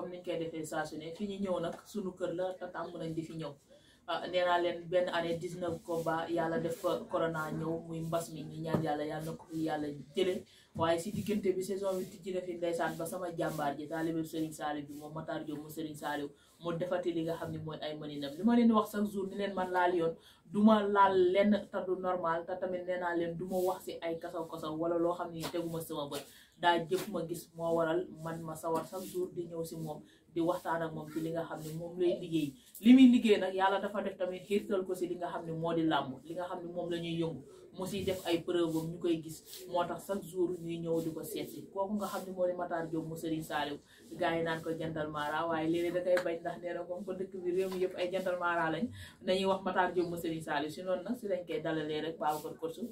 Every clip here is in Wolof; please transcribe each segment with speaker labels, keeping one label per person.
Speaker 1: comme niñ koy defee saa su ne fi ñu ñëw nag suñu kër la te tàmm nañ di fi ñëw ah, nee naa leen benn année 19 ba yàlla def corona ñëw muy mbas mi ñu ñaan yàlla yàlla na ko yàlla jële waaye si diggante bi saison bi tijji na fi ndeysaan ba sama jàmbaar ji taalibe Serigne Saliou bi moom Matar Diop mu Serigne Saliou mu defati li nga xam ne mooy ay maninam li ma leen wax chaque jour ni leen man laal yoon du ma laal lenn te normal te tamit nee naa leen du ma wax si ay kasaw wala loo xam ne teguma sama bët daal jëf ma gis moo waral man ma sawar chaque jour di ñëw si moom di waxtaan ak moom ci li nga xam ne moom lay liggéey li muy liggéey nag yàlla dafa def tamit xiirtal ko si li nga xam ne moo di làmb li nga xam ne moom la ñuy yëngu mu siy def ay preuve am ñu koy gis moo tax chaque jour ñuy ñëw di ko seet si kooku nga xam ne moo di Matar Diop mu Serigne Saliou gars yi naan ko jantal maara waaye léeg-léeg da koy bañ ndax nee na dëkk bi réew yëpp ay jantal maara lañ dañuy wax Matar Diop mu Serigne Saliou si noonu nag si lañ koy dalalee rek ko Kourtou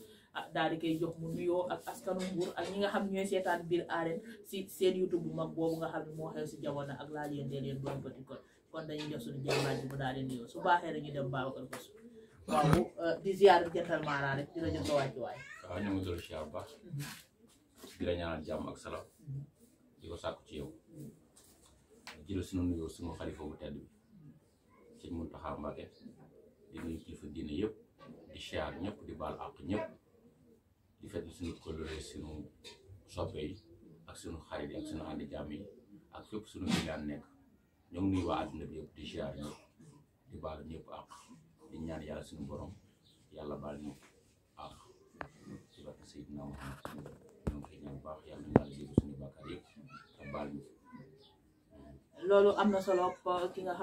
Speaker 1: daal di koy jox mu nuyo ak askanu nguur eh, ak ñi nga xam ñoy seetaan biir arène ci seen youtube bu mag bobu nga xam mo moo xew si jamono ak laa leen de leen doon petit kon kon dañuy def suñu jàmbaar ji mu daal di nuyoo su baaxee rek ñu dem Babacar Bass waaw di ziar jantal maanaa rek di la jot wàcc waay waaw
Speaker 2: ñu ngi ci si bu baax di la ñaanal jamm ak salaam di ko sakku ci yow di jël suñu nuyo suñu khalifa bu tedd bi sëñ Muntaxa Mbàkke di nuyu kilifa diine yépp di ziar ñëpp di baal ak ñëpp di fetu suñu kóllëre suñu soppe yi ak suñu xarit yi ak suñu ànd jàmm ak fépp suñu gigaan ngi bi di ziar ñëpp di baal ñëpp ak di ñaan yàlla suñu borom yàlla baal ñëpp ak ci barke Seydina Muhammad
Speaker 1: ñoo ngi ñaan baax yàlla yàlla jégg suñu bàkkaar yëpp te baal ñu solo ki nga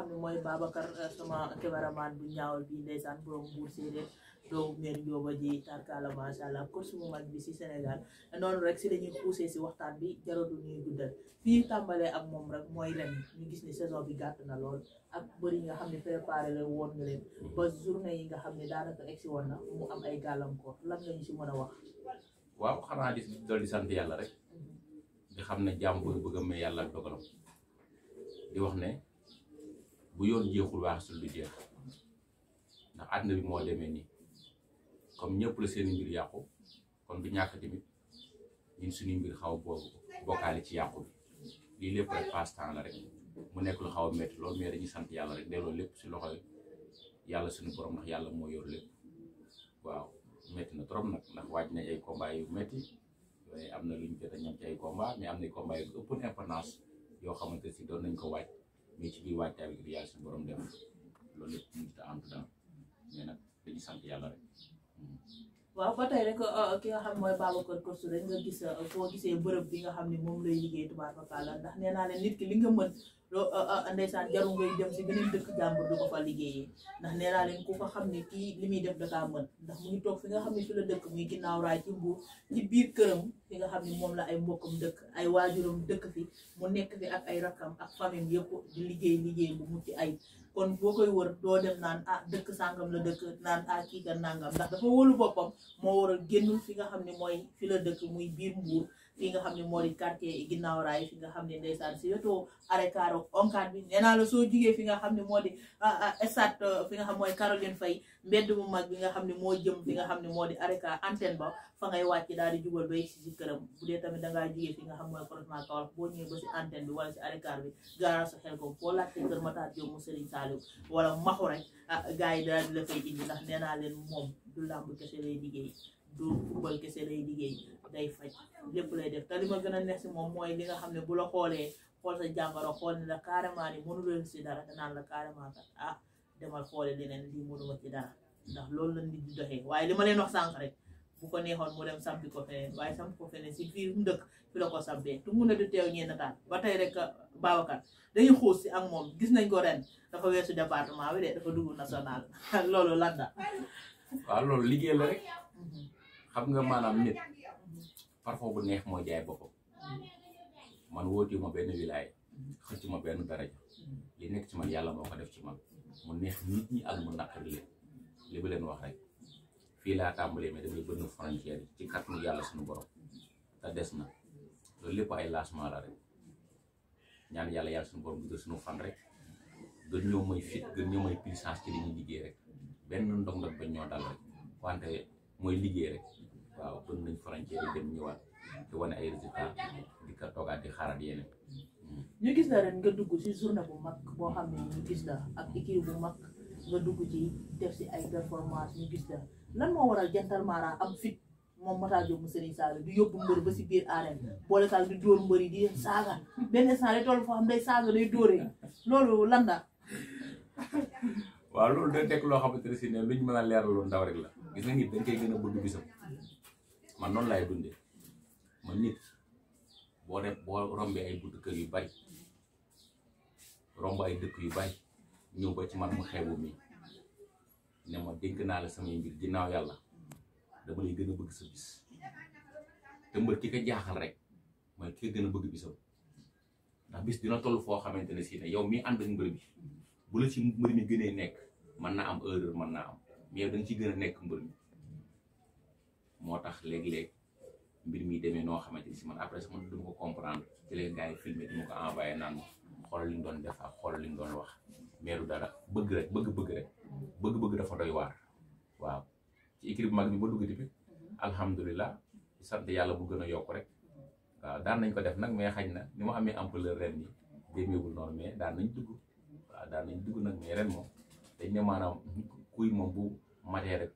Speaker 1: sama cameraman bu ñaawal bi ndeysaan borom donc mère Jóoba ji tarkaala macha allah course bu mag bi si Sénégal noonu rek si dañuy poussé si waxtaan bi jaratu ñuy guddal fii tàmbalee ak moom rek mooy len ñu gis ni saison bi gàtt na lool ak bëri yi nga xam ne woon nga leen ba yi nga xam ne daanaka egsi woon na mu am ay gàllankoor lan nga ñu si mën a wax.
Speaker 2: waaw xanaa di dool di sant yàlla rek di xam ne jàmm bu bëgg may yàlla ak dogalam di wax ne bu yoon jeexul waax su lu jeex ndax àdduna bi moo demee nii comme ñëpp la seen mbir yàqu kon du ñàkk tamit ñun suñu mbir xaw boobu bokkaale ci yàqu bi lii lépp rek passe temps la rek mu nekk lu xaw a métti lool mais sant yàlla rek delloo lépp si loxo yàlla suñu borom yàlla moo yor lépp waaw métti na trop nag ndax waaj nañ ay combats yu métti waaye am na lu ñu jot a ñam ci ay combats mais am na combats si nañ ko waaj mais ci biir waajtaay borom dem loolu mais nag sant yàlla rek.
Speaker 1: waaw ba tey rek euh, ki nga xam mooy Babacar Kossou rek nga gis boo euh, gisee bërëb bi nga xam ne moom lay liggéey tubaab fakala ndax nee naa leen nit ki li nga mën loo ah, ah, ndeysaan jarul ngay dem si beneen dëkk jàmbur di ko fa liggéeyee ndax nee naa leen ku ko xam ne kii li muy def dakaa mën ndax mu ngi toog fi nga xam ne dëkk muy ginnaaw raay ci mbuur ci biir këram fi nga xam ne moom la ay mbokkam dëkk ay waajuram dëkk fi mu nekk fi ak ay rakkam ak famille yëpp di liggéey liggéey bu mucc ay kon boo koy wër doo dem naan ah dëkk sàngam la dëkk naan ah kii kan nangam ndax dafa wóolu boppam moo war a génnul fi nga xam ne mooy fi la dëkk muy biir mbuur fi nga xam ne moo di quartier ginnaaw raay fi nga xam ne ndeysaan si wetu arekaaro onkaat bi nee la soo jugee fi nga xam ne moo di ah, ah, stade euh, fi nga xam mooy Caroline Faye mbedd mu mag bi nga xam ne moo jëm fi nga xam ne moo di areka antenne ba fa ngay wàcc daal di jubal ba yegg si si këram bu dee tamit dangaa jugee fi nga xam mooy croisement Kaolack boo ñëwee ba si antenne bi wala si arekaar bi garage sa xel ko foo laajte kër wala maxu rek ah gars yi daal la fay indi ndax nee naa leen moom du làmb kese lay liggéey du football kese lay liggéey day faj lépp lay def te li ma gën a neex si moom mooy li nga xam ne bu la xoolee xool sa jàngoro xool ne la carrément ni mënuloo si dara danaan la carrément kat ah demal xoole leneen lii mënuma ci dara ndax loolu la nit di waaye li ma leen wax sànq rek bu ko neexoon mu dem sampi ko feneen waaye sampi ko feneen si fii mu dëkk fi la ko sampee tu mun a du teew ñeen nataal ba tey rek Babacar dañuy xuus si ak moom gis nañ ko ren dafa weesu département bi de dafa dugg national loolu lan la
Speaker 2: waaw loolu liggéey la xam nga manam nit parfo bu neex mo jaay boppam man wóotiwu ma benn wilaay xëccu ma benn daraja li nekk ci man yalla moko def ci man mu neex nit ñi ak mu naqari leen li bu len wax rek fi la tambale me dañuy bënn frontière yi ci kàttanu yalla suñu borom ta dess na lo lepp ay ma la rek ñaan yalla yalla suñu borom guddal suñu fan rek gën ñoo may fit gën ñoo may puissance ci li ñu liggé rek benn ndong-ndong bañ ñoo dal rek wante moy liggé rek waaw bëgg nañ frontière yi dem ñëwaat di wane ay résultats di ko toogaat di
Speaker 1: ñu gis ren nga dugg si journée bu mag boo xam ñu gis la ci si ay performance ñu gis lan Mara am fit moom Matar Diop mu Serigne Sall di yóbbu mbër ba si biir arène boole Sall di dóor mbër di leen saaga instant day toll xam day lan
Speaker 2: ne ne luñ mën ndaw rek la gis nga ni dañ koy gëna bëgg bisam man non lay ya, dundé man nit bo def bo rombé ay buntu kër yu bay romb ay dëkk yu bay ñëw ba ci man mu xébu mi ne ma dégg na la sama mbir ginnaaw yalla ya dama lay gëna bëgg sa bis te mbër ki ka jaaxal rek moy ki gëna gën a bëgg bisam ndax bis dina tollu fo xamanteni ne si ne yow mi and ak mbër bi bu la ci mbër mi gënee nek man na am heure man na am mais dañ ci gëna nek nekk mi moo tax léeg-léeg mbir mi demee noo xamante ni si man après man du ma ko comprendre ci leen gars yi di ma ko envoyé naan ma xoolal li ñu doon def ak xool li ñu doon wax mais du dara bëgg bëgg-bëgg rek bëgg-bëgg dafa doy waaw ci équipe mag bi ba duggati bi alhamdulilah sant yàlla bu gën a yokk rek daan nañ ko def nag mais xañ na ni mu amee ampleur ni yi demeewul noonu mais daal nañ dugg waaw daan nañ dugg nag mais ren moom dañ ne maanaam kuy moom bu matee rek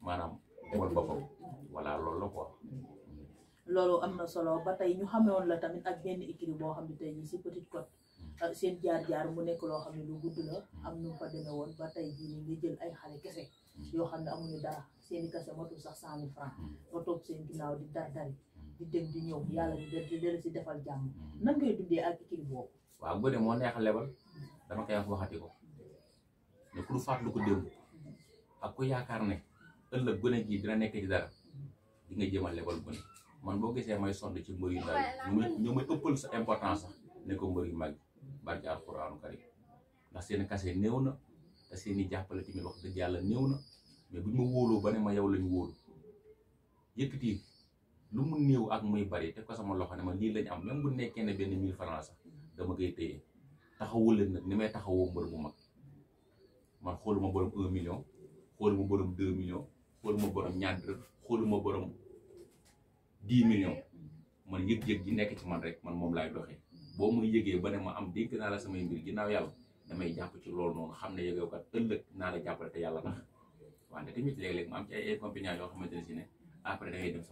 Speaker 2: maanaam defal boppam wala lolo ko
Speaker 1: lolo amna solo ba tey ñu won la tamit ak ben ikri bo xamni tay tey ci si Petite Côte euh, seen jaar-jaar mu nek lo xamni lu gudd la am ñu fa demee won ba tey jii ni nga jël ay xalé kese yo xamni amu ñu dara seen seeni mo tu sax 100000 francs mo toog seen ginaaw di dar dardari di dem di ñëw yàlla di delloo ci defal jamm nan ngay dundé ak ikri bo
Speaker 2: wa bu dé mo neex lebal dama koy wax waxati ko ne ku lu du ko démb ak ku yaakar ne ëllëg gone gi dina nekk ci dara di nga jéem a lebal bu ne man boo gisee may sonn ci mbër yu ndaw yi ñu may ëppal sa importance sax ne ko mbër yu mag barki alxuraanu karim ndax seen kase néew na te seen i jàppale tamit wax dëgg yàlla néew na mais bu ñu ma wóoloo ba ne ma yow lañu wóolu yëkkati lu mu néew ak muy bari te ko sama loxo ne ma lii lañ am même bu nekkee ne benn 1000 francs sax dama koy téye taxawoo leen nag ni may taxawoo mbër bu mag man xooluma borom 1 million xooluma borom 2 millions xooluma xooluma borom dix millions man yëg-yëg gi nekk ci man rek man moom laay doxee boo muy yëgee ba ne ma am dégg naa la samay mbir ginnaaw yàlla damay jàpp ci loolu noonu xam ne yow kat ëllëg naa la jàppale te yàlla tax wante tamit léeg-léeg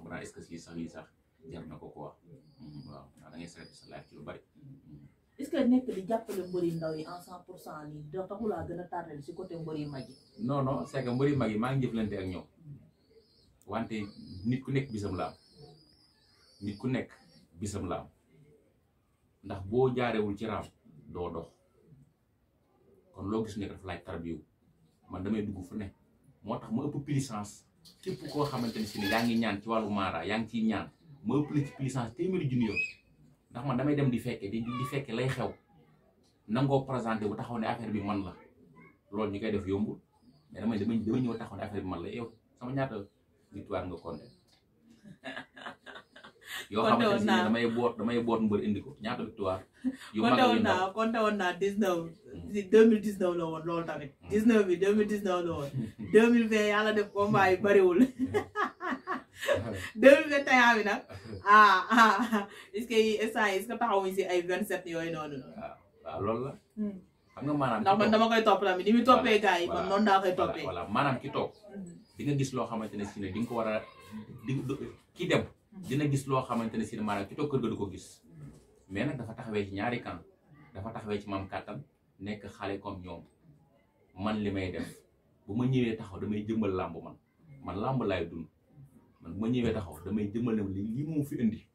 Speaker 2: si ne si sax sax jar na ko quoi hmm, waaw da ngay sa laaj ci lu bari. Hmm.
Speaker 1: est-ce que nekk di jàppale mbëri ndaw yi en cent pour cent nii da taxulaa gën a tardé si côté mbëri mag yi.
Speaker 2: non non c'est que mag yi maa ngi jëflante ak ñoom. wante nit ku nek bisam la am nit ku nek bisam la am ndax boo jaarewul ci raf do dox kon lo gis nekk daf lay tarbiyu man damay dugg fu nek motax mo ma ëpp puissance képp ko xamanteni ci ya ngi ñaan ci walu mara ya ngi ci ñaan mo ëpp ci puissance téeméeri junior ndax man damay dem di fekke di di fekke lay xew nango présenté bu taxaw ne affaire bi man la loolu ñu koy def yombul mais damay damay taxaw affaire bi man la yow sama ñaata victoire nga compté yoo xamante ne damay boot damay boot mbër indi ko ñaata victoire. yu a yu ndaw
Speaker 1: compté woon naa compté woon naa 19 2019 la woon loolu tamit 19 de 2019 la woon 2020 yàlla def combat yu bariwul 2021 bi nag ah ah, ah. est-ce que instant est-ce que taxawuñ si ay 27 yooyu noonu. Ah, waaw
Speaker 2: waaw la. Hmm. xam nga maanaam.
Speaker 1: koy topp tamit ni muy toppee gars yi man noonu daa koy toppee. voilà
Speaker 2: maanaam ki toog. di nga gis loo xamante ne si di nga ko war a di ki dem dina gis loo xamante ne si ne maanaam ki toog kër ga du ko gis mais nag dafa taxawee ci ñaari camp dafa taxawee ci maam kàttan nekk xale comme ñoom man li may def bu ma ñëwee taxaw damay jëmbal làmb man man làmb laay dund man bu ma ñëwee taxaw damay jëmbal ne lii moom fi indi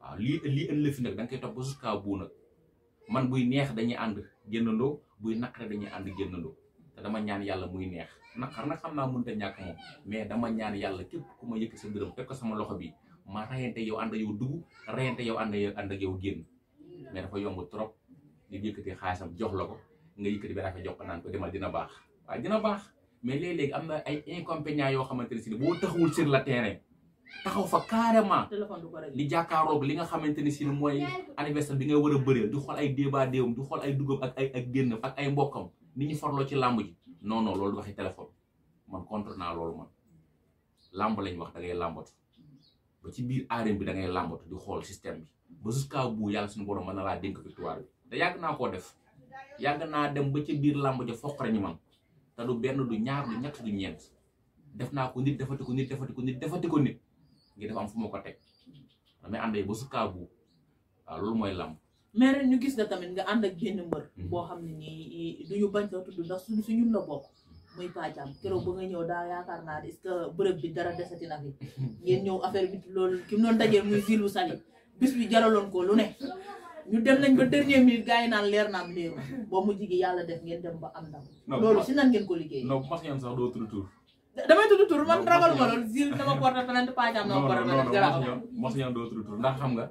Speaker 2: waaw lii lii ëllëg fi nag da nga koy topp ba jusqu'à bout man buy neex dañuy ànd génnandoo buy naqare dañuy ànd génnandoo dama ñaan yalla muy neex nak nag xam mu mënta ñak moom mais dama ñaan yalla képp ku ma yëkk sa dërëm fekk sama loxo bi ma rayenté yow and yow dugg rayenté yow ànd ànd ak yow génn mais dafa yomb trop di yëkkati xaasam jox la ko nga yëkkati benn affaire jox ko naan ko demal dina bax wa dina bax mais lé léeg am na ay inconvénients yo xamanteni ci bo taxawul sur la terrain taxaw fa carrément li jàkkaaroog li nga xamanteni ci moy anniversaire bi nga wara a bëreel du xol ay débat déewam du xol ay dugum ak ay ak genn ak ay mbokam ni ñu farloo ci lamb ji non non loolu waxi téléphone man contre na loolu man lamb lañ wax da ngay lambot ba ci biir arène bi da ngay lambot di xool système bi ba jusqu'à bout yalla suñu borom man la laa dénk victoire bi da yag na ko def yag na dem ba ci biir lamb ji fokk rañu man ta du benn du ñaar du ñett du ñent def na ko nit defati ko nit defati ko nit defati ko nit ngi dafa am fu ma tek teg damay àndee ba jusqu'à bout waaw moy lamb
Speaker 1: mère ñu gis na tamit nga and ak genn mbeur mhm. bo xamni ni duñu bañ sa tuddu ndax suñu suñun la bok muy pàccam kéro bu nga ñëw daa yaakar na est ce que bërëb bi dara desati na fi ñeen ñëw affaire bi lool kim non dajé muy zilu sali bis bi jaraloon ko lu ne ñu dem nañ ba dernier minute gaay naan leer naan leer bo mu jigi yalla def ngeen dem ba am ndam loolu nan ngeen ko liggéey non mas ngeen
Speaker 2: sax doo tudd tur
Speaker 1: damay tudd tur man ragal ma zil dama porte feneen pàccam dama porte feneen garaaw
Speaker 2: mas ngeen do tudd tur ndax xam nga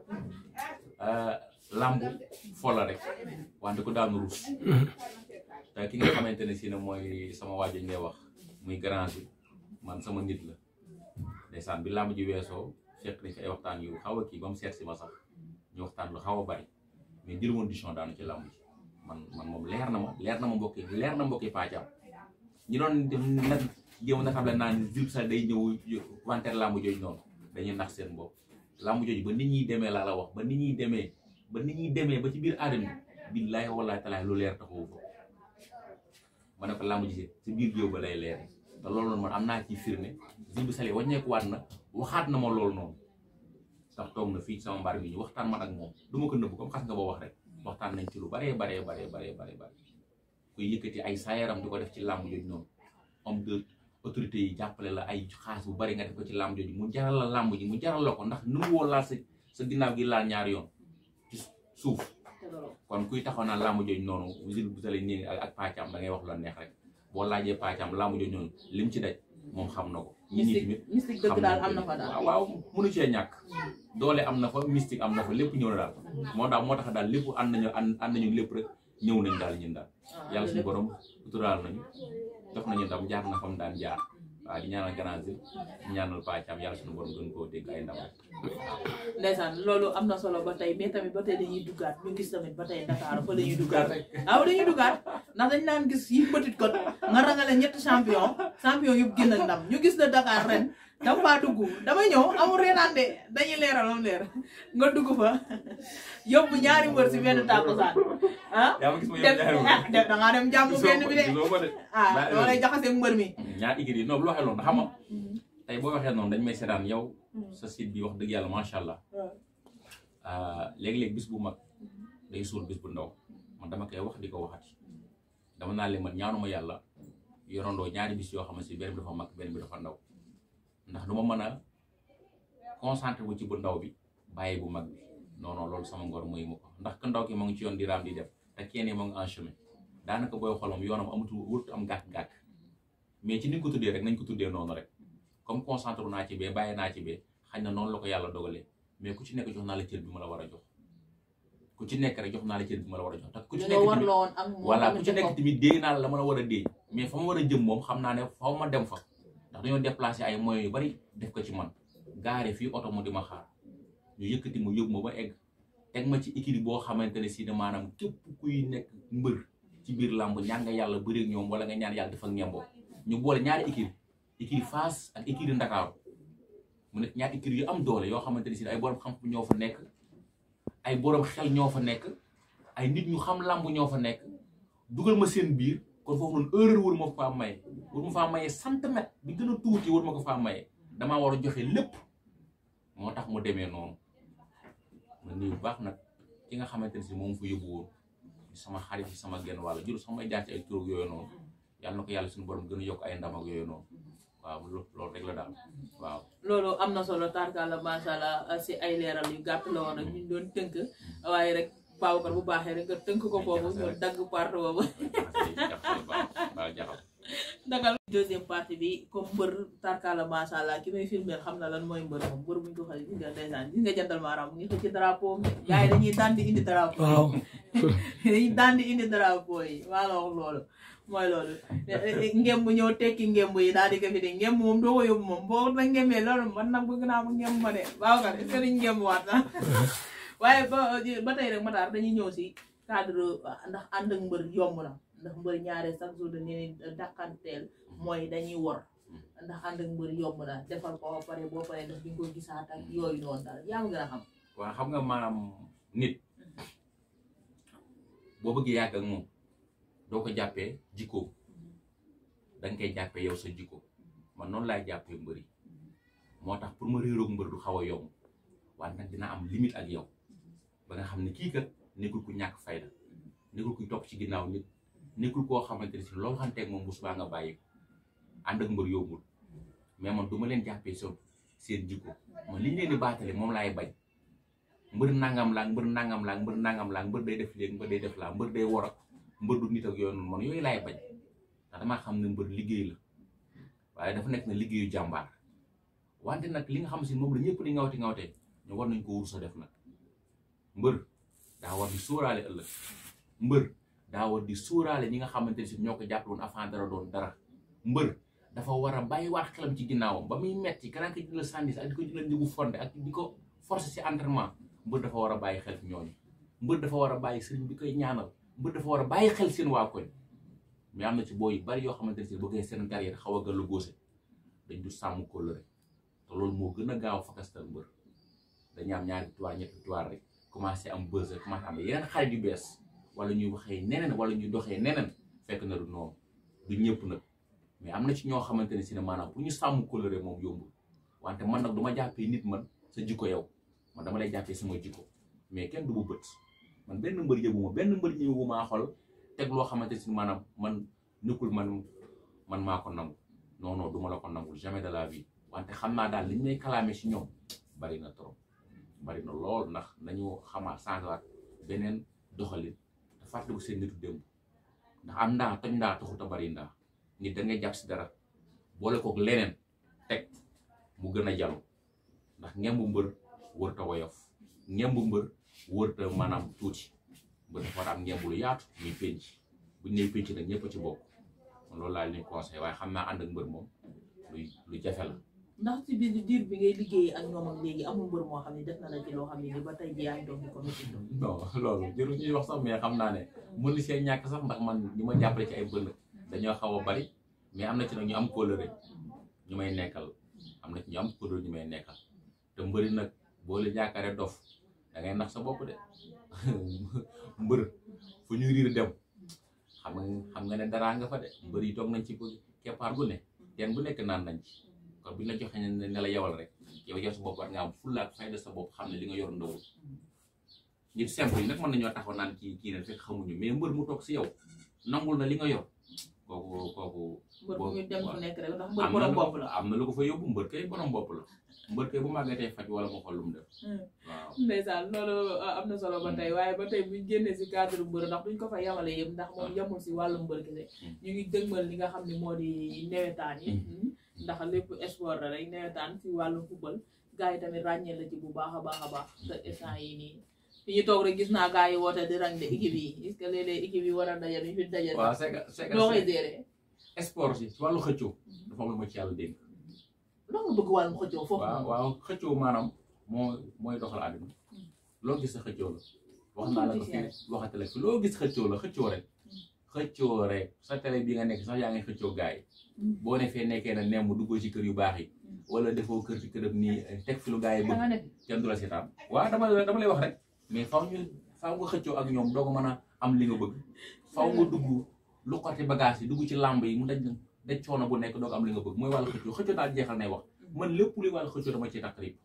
Speaker 2: euh, lambu folare wante ko dal ruus da ki nga xamante ci na moy sama waji ngey wax muy grand man sama nit la ndaysan bi lambu ji weso fekk ni fi ay waxtan yu xawa ki bam set ci ma sax ñu waxtan lu xawa bari mais jël won décision daan ci lambu man man mom leer na ma leer na ma mbokki leer na mbokki paacaam ñi doon def nag jéem na xam la naan zil sa day ñew wante lambu joj non dañuy nax seen mbokk lambu joj ba nit ñi démé la la wax ba nit ñi démé ba ni ñi démé ba ci biir aadama billahi wallahi taala lu leer taxawu ko ma ne ko làmb ji ci biir géew ba lay leer da loolu mo amna ci naa ci salé wagné ko wat na waxat na mo loolu non ndax tok na fi ci sama mbaar bi ñu waxtaan ma ak mom duma ko neub comme xass nga ba wax rek waxtaan nañ ci lu bare bare bare bare bare bare kuy yëkëti ay sayaram di ko def ci làmb jëj non am de autorité yi jappalé la ay xaas bu bari nga def ko ci làmb jëj mu jaral la làmb ji mu jaral lako ndax nu wo la sa dinaaw gi la ñaar yoon suuf kon kuy taxaw naan laamu jooju noonu usine bu tale nii ak pàccam da ngay wax la neex rek boo laajee pàccam laamu jooju noonu lim ci daj moom xam na ko. mystique mystique dëgg daal am na fa waaw mënu cee ñàkk. doole am na fa mystique am na fa lépp ñëw daal moo tax moo tax daal lépp ànd nañu ànd nañu lépp rek ñëw nañ daal ñun daal. Ah, yàlla suñu borom uturaal nañu jox nañu ndam jaar na fam daan jaar. waaw di ñaanal gànnaar si ñaanal pàcc am yàlla suñu borom gën koo dégg ay ndam.
Speaker 1: ndeysaan loolu am na solo ba tey mais tamit ba di dañuy duggaat ñu gis tamit ba tey Dakar fa la ñuy duggaat waaw ah, dañuy duggaat ndax dañ daan gis yi petite côte nga rangale ñetti champion champion yëpp génn ndam ñu gis ne Dakar ren. dama faa dugg dama ñew amu reetaan dañuy léral am leer nga dugg fa yóbbu ñaari mbër si benn tàkkusaan ah dem da nga ah, dem jamm benn bi dé ah dama lay jaxase mbër mi
Speaker 2: ñaar igri no non waxé non loolu xam nga mm-hmm. tey boo waxee noonu dañ may sétane yow mm-hmm. sa site bi wax yalla ma sha allah ah, léeg-léeg bis bu mag mm-hmm. day sul bis bu ndaw man dama koy wax di waxati dama naa leen man ñaanuma ñaari bis bi dafa mag bi dafa ndaw ndax du ma mën a concentré wu ci bu ndaw bi bàyyee bu mag bi non non loolu sama ngor mooy mu ko ndax ka ndaw ki mu ngi ci yoon di raam di def te kenn mu ngi en chemin daanaka booy xolam yoonam amatul wërtu am gàkk-gàkk mais ci ni ko tuddee rek nañ ko tuddee noonu rek comme concentré naa ci bee bàyyi naa ci bee xañ na noonu la ko yàlla dogalee mais ku ci nekk jox naa la cër bi ma la war a jox ku ci jox naa la cër bi ma la war a jox te ku ci nekk tamit voilà naa la la ma la war a dee mais fa ma war a jëm moom xam naa ne faw ma dem fa ndax dañoo déplacé ay moyens yu bari def ko ci man gaare fii oto mu di ma xaar ñu yëkkati ma yóbbu ma ba egg teg ma ci équipe boo xamante ne si ne maanaam képp kuy nekk mbër ci biir làmb ñaan yàlla bëreeg ñoom wala nga ñaar yàlla def ak ñemboo ñu boole ñaari équipe équipe Fass ak équipe Ndakaaru mu nekk ñaari équipe yu am doole yoo xamante ne si ay borom xam ñoo fa nekk ay borom xel ñoo fa nekk ay nit ñu xam làmb ñoo fa nekk dugal ma seen biir. kon foofu noonu erreur waru ma a tuuti ma ko faa damaa war a joxe lépp moo tax mu demee noonu man nii bu baax nag ki nga xamante ne si moom fa yóbbu sama xarit yi sama genn wàll jur sama may jaar ci gën a yokk ay ndam ak yooyu noonu waaw loolu rek
Speaker 1: am na solo tarkala macha allah si ay leeral yu gàtt la woon ak ñu doon tënk mm-hmm. waaye rek. baawkar bu bahere rek nga tënk ko foofu ñu dagg part boobu dagal deuxième partie bi comme mbër tarkaala masha Allah ki may filmer xam na lan mooy mbër moom mbër buñ ko xale gis nga ndeysaan gis nga jantal maaraam mu ngi xëcc drapeau gars yi dañuy daan di indi drapeau waaw dañuy daan di indi drapeau yi maa la wax loolu mooy ngem ngemb ñëw tekki ngemb yi daal di la man bëgg ma waaw waat na waaye ba eh, ba tey rek Matar dañuy ñëw si cadre ah, ndax ànd ak mbër yomb na ndax mbër ñaare chaque jour dañu leen dàqanteel mooy dañuy wor ndax ànd mbër yomb na defal ko pare boo paree ndax duñ ko gisaat yooyu noonu daal yaa ma gën a xam.
Speaker 2: waaw xam nga maanaam nit boo bëgg yàgg ak doo ko jàppee jikko da nga koy jàppee yow sa jikko man noonu laay jàppee mbër moo tax pour ma réeroog mbër du xaw a yomb waaye nag dina am limite ak yow. ba xam ne kii kat nekkul ku ñàkk fayda nekkul ku topp ci ginnaaw nit nekkul koo xamante ne si loo waxanteeg moom bu subaa nga bàyyi ko ànd ak mbër yombul mais man du ma leen jàppee so seen jikko man li ñu baatale moom laay bañ mbër nangam laa mbër nangam laa mbër nangam laa mbër day def léegi mbër day def laa mbër day war ak mbër du nit ak yooyu noonu man yooyu laay bañ ndax damaa xam ne mbër liggéey la waaye dafa nekk na liggéeyu jàmbaar wante nag li nga xam si moom la ñëpp di ngawte ngawte ñu war nañ ko wursa def nag mbër daa war di sóoraale ëllëg mbër daa war di sóoraale ñi nga xamante ne si ñoo ko jàppaloon avant dara doon dara mbër dafa war a bàyyi bàyyiwaat xelam ci ginnaawam ba muy metti gannaaw ko jëndal sànni ak di ko jëndal njëgu fonde ak di ko forcer si entraînement mbër dafa war a bàyyi xel ñoo ñooñu mbër dafa war a bàyyi sëriñ bi koy ñaanal mbër dafa war a bàyyi xel seen waa koñ mais am na ci booy yu bari yoo xamante ne si bëggee seen carrière xaw a gàllu góose dañ du sàmm kóllëre loolu moo gën a gaaw fakastal mbër dañu am ñaari victoire ñetti commencé am buzz commencé am yeen iya, kan xarit yu bes wala ñu waxe neneen wala ñu doxé neneen fekk na du non du ñepp nak mais amna ci ño xamanteni ci si ne maanaam pour ñu sàmm coloré mom yomb wante man nak duma jappé nit man sa jikko yow man dama lay jappé sama jikko mais kenn du bu beut man benn mbeur yëguma benn mbeur ñëwu xol tek lo xamanteni ci manam man nekul man man mako ko non non duma la ko nangul jamais de la vie wante xamna dal daal liñ may kalaame si bari na trop bari na lool ndax nañu xamaat changewaat beneen doxalin te fàttaliku seen nitu démb ndax am ndaa toj ndaa taxut a bari nit da ngay dara boole kook leneen teg mu gën a jalu ndax ngemb mbër wër woyof ngemb mbër wër ta maanaam tuuti mbër dafa am ngemb lu yaatu muy pénc bu ñu nee pénc nag ñëpp a ci bokk loolu laa leen conseillé waaye xam naa ànd mbër moom lu lu jafe la
Speaker 1: ndax ci biir bi ngay liggéey ak ñoom ak léegi amul mbër moo xam ne def na la ci loo xam ne ba tey jii yaa ngi doon ko métti
Speaker 2: ñuy wax sax mais xam naa ne mën na see ñàkk sax ndax man ñu ma jàppale ci ay bëll dañoo xaw a bari mais am na ci nag ñu am kóolëre ñu may nekkal am na ci ñu am kóolëre ñu may nekkal te mbëri nag boo leen yaakaaree dof da nax sa bopp de mbër fu ñu riir dem xam nga xam nga ne daraa nga fa de mbër yi toog nañ ci keppaar gu ne teen bu nekk naan nañ ci kon bu ñu la joxee ne ne la yowal rek yow yor sa bopp war nga am fulla ak fayda sa bopp xam ne li nga yor ndawul nit simple yi nag mën mu toog si yow na li nga yor kooku kooku. mbër bu ñu dem fu nekk rek na lu ko fa yóbbu mbër kay borom bopp la mbër kay bu màggatee faj wala hmm.
Speaker 1: uh, na solo ba tey hmm. waaye ba tey buñ génnee si cadre mbër ndax duñ ko fa yamale yëpp ndax ah. si wàllum mbër kese hmm. ñu li nga xam ne moo di newetaan yi ndax lepp espoir la rek nawetaan ci walu football gaay tamit ragne la ci bu baax a baax te instant yi ni fi ñu tok rek gis na gaay yi woote di rang de équipe yi est ce que léeg équipe yi wara a ñu fi dajé wa c'est que c'est que loo koy déere. sport si
Speaker 2: wàllu xëccoo. Mm-hmm. dafa am ma ci yalla dénk. non nga bëgg wàllum xëccu fofu wa wa xëccu manam mo moy doxal adina mm-hmm. lo gis xëccu la. wax na la ko fi waxate la fi loo gis xëccu la xëccu rek. Mm-hmm. xëccu rek sa télé bi nga nek sax ya nga xëccu gaay yi boo ne fee nekkee na nemm duggoo ci kër yu baax yi wala defoo kër ci këram nii eh, teg fi lu gars yi bëgg kenn du la seetaan waa dama dama lay wax rek mais faw ñu faw nga xëccoo ak ñoom doo ko man a am li nga bëgg faw nga dugg lu xoti bagage yi dugg ci làmb yi mu daj daj coono bu nekk doo ko am li nga bëgg mooy wàllu xëccoo xëccoo daal jeexal nay wax man lépp luy wàllu xëccoo dama ciy taq rib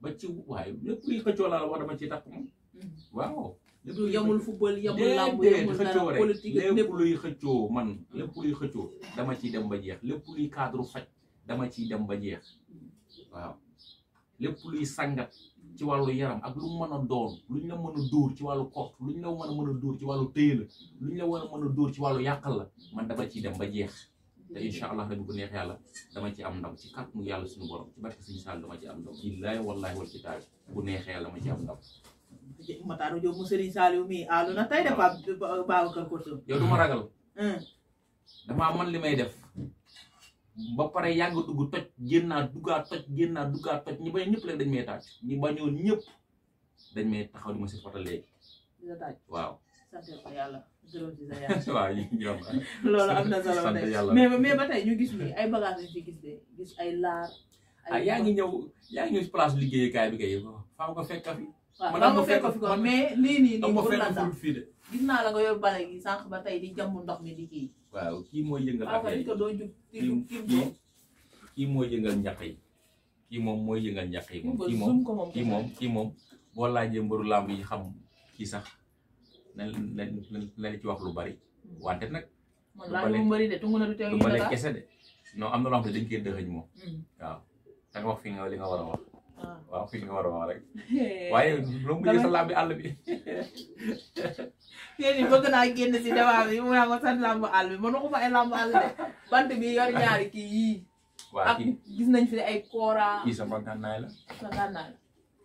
Speaker 2: ba ci waaye lépp luy xëccoo laa la wax dama ci taq moom mm-hmm. waaw
Speaker 1: yamul football yamul lamb yamul dara politique lépp luy
Speaker 2: xëccoo man lépp luy xëccoo dama ciy dem ba jeex lépp luy cadre faj dama ciy dem ba jeex waaw lépp luy sangat ci wàllu yaram ak lu mën a doon luñ la mën a dóor ci wàllu kort luñ la mën a mën a dóor ci wàllu téye la luñ la ya a mën a dóor ci wàllu yàqal la man dama ciy dem ba jeex te incha allah rabbi bu neex yàlla dama ci am ndam ci kàttanu yàlla suñu borom ci barke suñu saal dama ci am ndam billaahi wallaahi wal kitaabi bu neex yàlla ma ci am ndam
Speaker 1: mataru jo musiri salumi alu na tay dafa baaw ka kursu
Speaker 2: yow duma ragal dama man limay def ba pare yàgg dugg toj génn naa duggaat toj génn naa duggaat toj ñi bañ ñëpp léegi dañ may tàcc ñi bañoon ñëpp dañ may taxaw di ma si fota léegi
Speaker 1: waaw sante ko yàlla gërëm ci sa yàlla
Speaker 2: loolu am na solo mais
Speaker 1: mais ba tey ñu gis ni ay bagage lañ fi gis de gis ay laar ah yaa
Speaker 2: ngi ñëw yaa ngi ñëw si place liggéeyukaay bi kay faaw ko fekk fi waaw man nga fekk mais lii fii de
Speaker 1: gis naa la nga yor bale gi sànq ba tey di kii
Speaker 2: waaw kii mooy yi moom mooy yëngal yi moom kii moom kii moom kii moom boo laajee yi xam kii sax na la ci wax lu bari wante nag man laaj mu bari
Speaker 1: de tungu na du kese
Speaker 2: de non am na loo xam ne dañ koy dëxëñ moom hmm. waaw da wax fi nga war a wax waaw fi nga war a belum rek waaye alibi. mujj sa làmb àll bi
Speaker 1: yéen ñi bëgg naa génn si débat bi mu naa ma seen làmb àll bi man waxuma ay làmb ki. de bant bi yor ñaari kii yii ak gis
Speaker 2: sama gànnaay la
Speaker 1: sa gànnaay la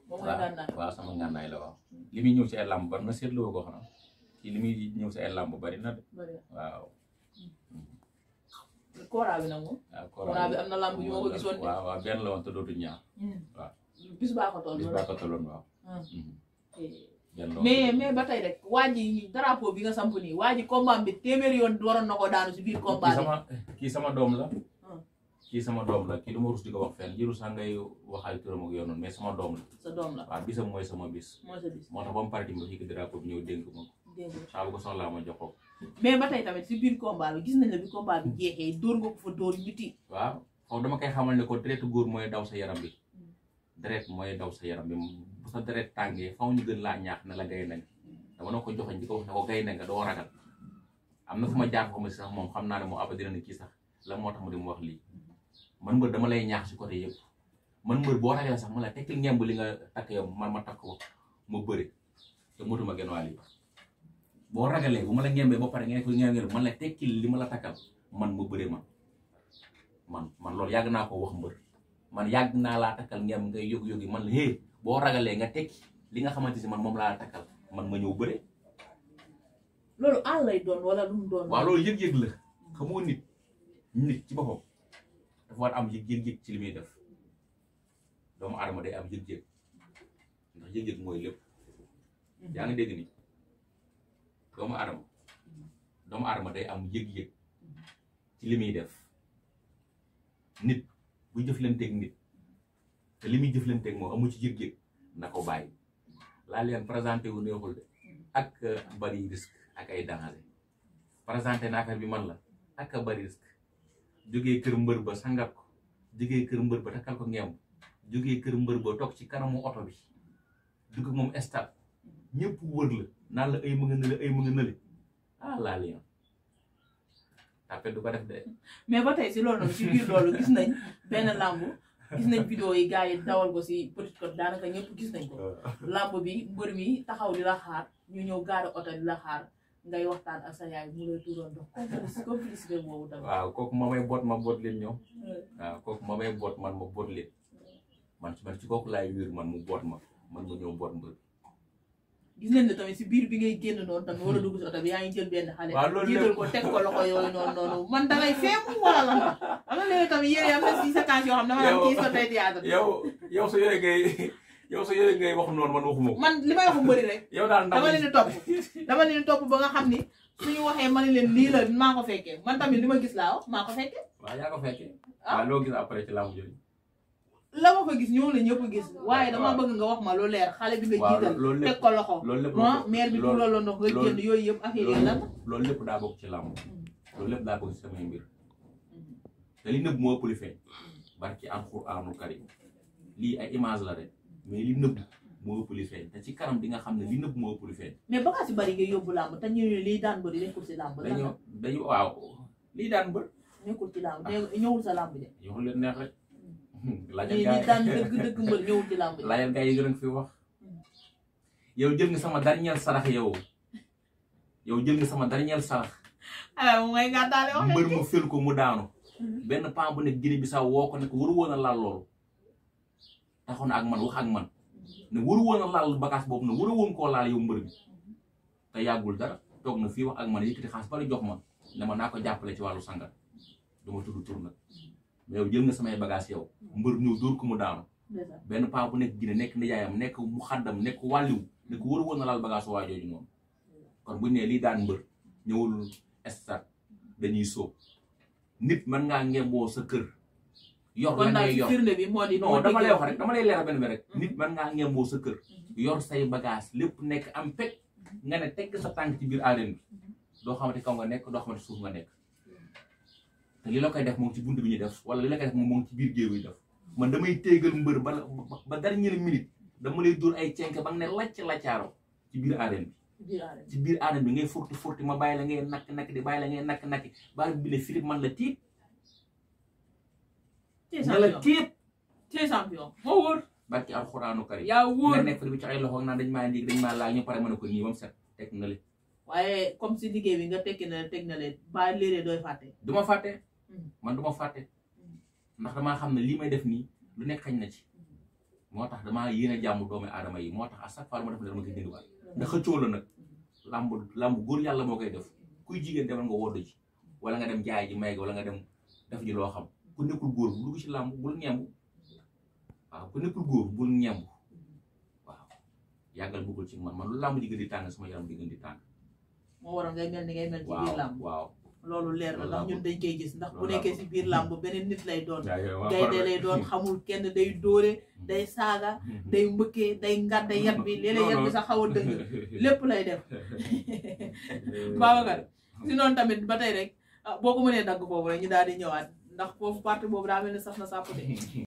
Speaker 1: moom mooy gànnaay waaw sama
Speaker 2: gànnaay la waaw li muy ñëw si ay làmb bari na seetloo ko xanaa kii li muy bari na de waaw bi
Speaker 1: nag moom bi am na yu ma ko gisoon waaw
Speaker 2: waaw benn la woon te dootu
Speaker 1: bis baa ko toll bis baa ko tolloon waaw. Ah. Mhm. Eh. mais ba tey rek waa ji drapeau bi nga samp nii waa ji combat bi yoon waroon na ko daanu si biir combat bi. kii
Speaker 2: ah. kii sama doom la. kii sama doom la kii ma rus di ko wax fenn jëru sax doom la. sa doom sama bis. mooy bi ñëw dénk ma ko. dénk ma ma jox ko.
Speaker 1: mais ba biir combat bi gis nañ la bi combat bi ti.
Speaker 2: waaw xaw dama koy xamal ne ko direct góor mooy daw sa yaram bi. dret moy daw sa yaram bi bu sa dret tangé faw ñu gën la ñaax na la gay nañ dama na ko joxoñ di ko wax ne ko gay na nga do ragal amna na jaar ko ma sax mom xamna naa mo moo aba dina ne kii sax la moo tax mu dem wax li man mbër dama lay ñaax ci côté yépp man mbër bo ragal sax ma la tekkil ngemb li nga takk yow man ma takk ko mo bëri te mutuma gën wali lii boo ragalee bu ma la ngembee ba paré ngay ko ñëngël man la tekkil li ma la takkal man mo bëri man man man lool yag na ko wax mbeur man yàgg naa laa takkal ngem ngay yógi-yógi man la hé boo ragalee nga tekki li nga xamante si man moom laa takkal man ma ñëw bëre
Speaker 1: loolu àll doon wala lu mu doon waaw loolu
Speaker 2: yëg-yëg la xamoo nit nit ci boppam dafa war am yëg-yëg ci li muy day am yëg-yëg ndax yëg-yëg mhm. day am yëg-yëg mhm. ci li def nit bu ak nit té limi muy ak mo amu ci yëg nako bay la leen présenté wu neexul de ak euh, bari risque ak ay danger présenté na affaire bi man la ak bari risque jogé kër mbeur ba sangap ko jogé kër mbeur ba takal ko ngemb jogé kër mbeur ba tok ci kanamu auto bi dug mom stade ñepp wër la naan la ay mu ay mu ah la leen tàppee du ko def de.
Speaker 1: mais ba tey si loolu noonu si biir loolu gis nañ benn làmb gis nañ vidéo yi gars yi dawal ko si Petite Côte daanaka ñëpp gis nañ ko. làmb bi mbër mi taxaw di la xaar ñu ñëw gaari oto di la xaar ngay waxtaan ak sa yaay mu lay tuuroon ndox waaw
Speaker 2: kooku moo may boot ma boot leen ñoom. waaw kooku moo may boot man ma boot leen man man ci kooku laay wiir man mu boot ma man mu ñëw boot mbër.
Speaker 1: gis nañ ne tamit si biir bi ngay génn noonu tamit wala dugg si oto bi yaa ngi jël benn xale. waaw loolu jiital ko teg ko loxo yooyu noonu noonu man dalay feebu wala la. am na léegi tamit yére am na xam ne dama naan kii sa yow
Speaker 2: yow sa yére ngay sa yére ngay wax noonu man waxuma ko.
Speaker 1: man li may wax mbëri rek.
Speaker 2: yow daal dama leen di
Speaker 1: topp dama leen di topp ba nga xam ni suñu waxee ma leen lii la maa ko fekkee man tamit li ma gis laa wax maa ko fekkee.
Speaker 2: waaw yaa ko fekkee. ah loo gis après ci laa mu jëriñ
Speaker 1: la ma fa gis ñoom la ñëpp gis waaye dama bëgg nga wax ma lu leer xale bi nga jiital teg
Speaker 2: ko loxo ma maire bi tuuloo la ndox nga jënd yooyu yëpp affaire yi lan loolu lépp daa bokk ci làmb hmm. loolu lépp daa bokk ci samay mbir te li nëbb moo ëpp li feeñ barki alxuraanul karim lii ay image la rek mais li nëbb moo ëpp li feeñ te ci kanam di nga xam ne li nëbb moo ëpp li feeñ
Speaker 1: mais bagaas yu bari nga yóbbu làmb te ñu ne lii daan bëri nekkul si làmb dañu
Speaker 2: dañu waaw
Speaker 1: lii daan bëri nekkul si làmb ñëwul sa làmb de
Speaker 2: yow leen neex rek laajal kayak gereng daan dëgg dëgg fi wax yow jël nga sama daniel sarax yow yow jël nga sama dernier sarax
Speaker 1: eh, mooy nga daale ya, wax mbër mu
Speaker 2: fël ko bu nekk Guinée Bissau woo ko ko waru woon a laal loolu taxoon ak man wax ak man ne waru woon a laal ne yow bi dara na wax ak man jox ma ci sangal duma mais jël nga samay bagage yow mbër ñëw dóor ko mu daanu benn paa bu nekk gine nekk nijaayam nekk mu xaddam nekk wàlliw nekk wër wër na laal bagage waa jooju noonu kon bu ne lii daan mbër ñëwul stade dañuy sóob nit man ngaa ngemboo sa kër yor la ngay yor firnde bi dama lay wax rek dama lay leeral benn bi rek mhm. nit mën ngaa ngemboo sa kër mhm. yor say bagage lépp nekk am pekk mhm. nga ne tekk sa tànk ci biir arène bi doo xamante kaw nga nekk doo xamante suuf nga nekk te li la koy def moom ci bunt bi ñu def wala li la koy def moom moom ci biir géew yi def man damay téegal mbër ba ba dernière minute dama lay dóor ay cenk ba ne lacc laccaaro ci biir arène bi ci biir arène bi ngay furti furti ma bàyyi ya la ngay nakk nakk di bàyyi la ngay nak nakk baal bi ne Philippe man la tiit nga la tiit
Speaker 1: tey champion moo wóor
Speaker 2: barki alxuraanu kari Ya wóor nga nekk fa di ci ay loxo naan dañ maa ndiig dañ maa laal ñu pare mën a ko nii moom set teg na le
Speaker 1: waaye comme si liggéey bi nga tekki na teg na le ba léeree dooy fàtte du ma Mm.
Speaker 2: man du ma fàtte mm. ndax damaa xam ne lii may def nii lu nekk xañ na ci moo tax damaa yéene jàmm doomu adama yi moo tax à chaque fois ma def ne dama koy jëndiwaat mm. ndax xëccoo la nag làmb làmb góor yàlla moo koy def kuy jigéen demal nga wodd ji wala nga dem jaay ji may ga wala nga dem def ji loo xam ku nekkul góor bu dugg ci làmb bul ñemb waaw ku nekkul góor ci man man lu làmb ji gën di tàng sama yaram di di tàng
Speaker 1: moo waral ngay mel ni ngay mel ci làmb loolu leer na ndax ñun dañ koy gis ndax bu nekkee si biir làmb beneen nit lay doon gaynde lay doon xamul kenn day dóore day saaga day mbëkkee day ngàdde yat bi léeg-léeg yat bi sax xaw dëgg lépp lay def Babacar si noonu tamit ba tey rek ah, boo ko mënee dagg boobu rek ñu daal di ñëwaat ndax foofu parti boobu daa mel ni saf na sàpp de